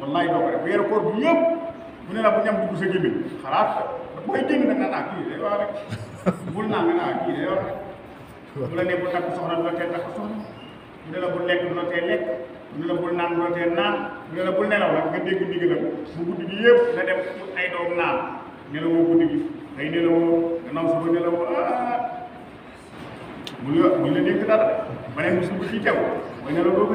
wallaay doo ko def weeru bu ñëpp mu ne la bu ñam dugg sa gémmiñ xalaat booy génn nag naa kii day waa rek rek bu la ne bu takk soxna du la tee takk soxna mu ne bu lekk du la tee lekk mu ne la bul la tee naan mu ne la mu guddi gi yëpp nga def ay doom naan nelawoo guddi gi day nelawoo gannaaw suba nelawoo ah mu la mu la dégg ba ne mu suba fii tew mooy nelaw doo ko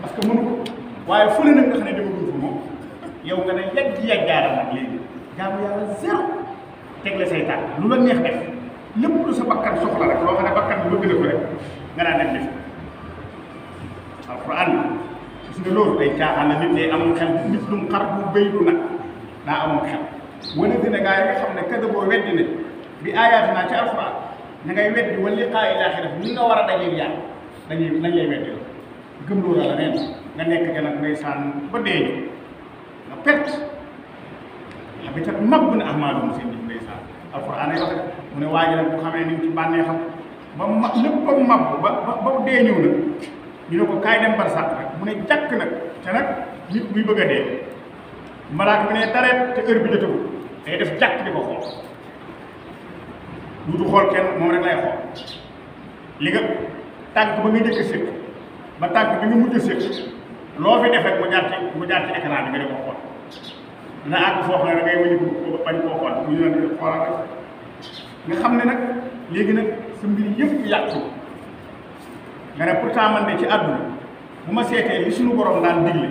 parce que mënu ko waaye fu ne nag nga xam ne demaguñ moom yow nga ne yàgg yàggaaral nag léegi jaamu yàlla zéro teg la lu la neex def lépp lu sa bakkan soxla rek loo xam ne bakkan bi bëgg na ko lu mu xar du nag daa amul xel wane dina gaa yi ne kada boo weddi bi aayaat naa ci alquran na weddi wala liqaa ilaaxira ni nga war a dajeeg yàlla dañuy dañ lay weddi la gëmloo a leneen nga nekk ca nag ndeysaan ba dee nga perte xam nga mag bu ne ahmaadu mu seen jëf ndeysaan alquran ay wax mu ne waaji nag bu xamee ni mu ci bànnee xam ba ma lépp am ba ba dee ñëw nag ñu ne ko kaay dem bar rek mu ne jàkk nag te nag nit bëgg a dee malaaka bi ne dareet te heure bi jotagul day def jàkk di ko xool duutu xool kenn moom rek lay xool li nga tànk ba nga njëkk a ba tànk bi nga mujj séq loo fi def rek mu jaar ci mu jaar ci écran bi nga def ko xool dina àgg foo ne nga xam ne nag léegi nag sa mbir yëpp yàqu nga ne pourtant man de ci àdduna bu ma seetee li suñu borom daan digle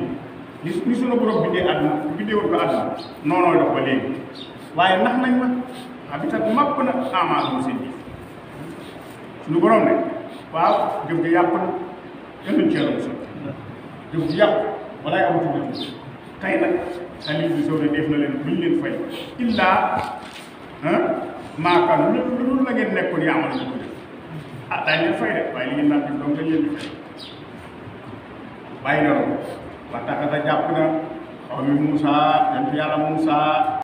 li li suñu borom bindee àdduna bindewul ko àdduna noonoo dox ba léegi waaye nax nañ ma habitat màpp na amaat mu seen suñu borom ne waaw jëm nga yàpp na yal nañu ci yàlla mos a jëf ji yàqu walaay amatul na tuuti tey nag Aliou bi soo def leen buñ leen fay illaa maakaan lu lu la ngeen nekkoon yaa amal nañ ko def ah daañu leen fay de waaye li ngeen naan def donc dañ leen di fay bàyyi na loolu wax dëgg yàlla jàpp na xaw mi Moussa dem